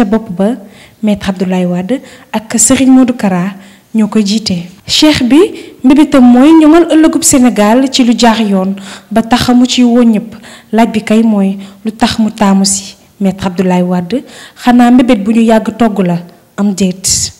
ca bopp ba maître Abdoulaye Wade ak Serigne Modou Kara ñoo ko jiite. cheikh bi mbibitam mooy ñoŋal ëllëgub Sénégal ci lu jaax yoon ba tax mu ci woo ñëpp laaj bi kay mooy lu tax mu taamu si maître Abdoulaye Wade xanaa mbébét bu ñu yàgg togg la am déet.